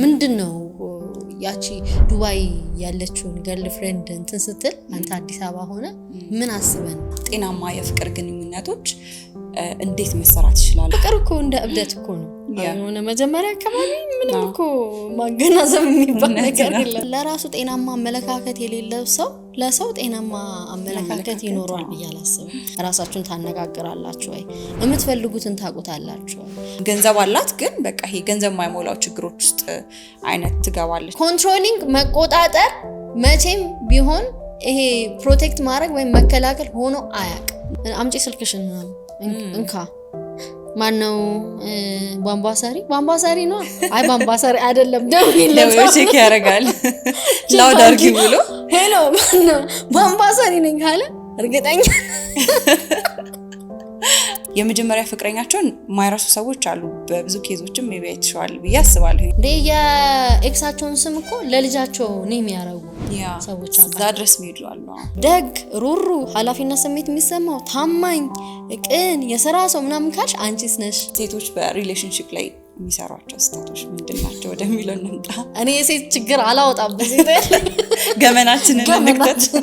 ምንድን ነው ያቺ ዱባይ ያለችውን ገርል ፍሬንድ እንትን ስትል አንተ አዲስ አበባ ሆነ ምን አስበን ጤናማ የፍቅር ግንኙነቶች እንዴት መሰራት ይችላል? ፍቅር እኮ እንደ እብደት እኮ ነው። ሆነ መጀመሪያ አካባቢ ምንም እኮ ማገናዘብ የሚባል ነገር የለም። ለራሱ ጤናማ አመለካከት የሌለው ሰው ለሰው ጤናማ አመለካከት ይኖሯል ብዬ አላስብም። ራሳችሁን ታነጋግራላችሁ ወይ? የምትፈልጉትን ታውቁታላችሁ ገንዘብ አላት ግን በቃ ይሄ ገንዘብ ማይሞላው ችግሮች ውስጥ አይነት ትገባለች። ኮንትሮሊንግ፣ መቆጣጠር መቼም ቢሆን ይሄ ፕሮቴክት ማድረግ ወይም መከላከል ሆኖ አያቅ። አምጪ ስልክሽን እንካ ማን ነው ባምባሳሪ? ሰሪ? ቧንቧ ነው። አይ ባምባሳሪ አይደለም፣ ደውዬለት ቼክ ያደርጋል ላውድ አድርጊ ብሎ ሄሎ ማነው እኔ ነኝ ካለ እርግጠኛ የመጀመሪያ ፍቅረኛቸውን ማይረሱ ሰዎች አሉ። በብዙ ኬዞችም ቢ አይተሸዋል ብዬ አስባለሁ። የኤክሳቸውን ስም እኮ ለልጃቸው ነው የሚያረጉ ሰዎች አሉ። እዛ ድረስ ሚሄዱ ደግ፣ ሩሩ፣ ኃላፊነት ስሜት የሚሰማው ታማኝ፣ ቅን፣ የስራ ሰው ምናምን ካልሽ አንቺስ ነሽ። ሴቶች በሪሌሽንሽፕ ላይ የሚሰሯቸው ስታቶች ምንድን ናቸው ወደሚለው እንምጣ። እኔ የሴት ችግር አላወጣም። ገመናችንን እንክተት።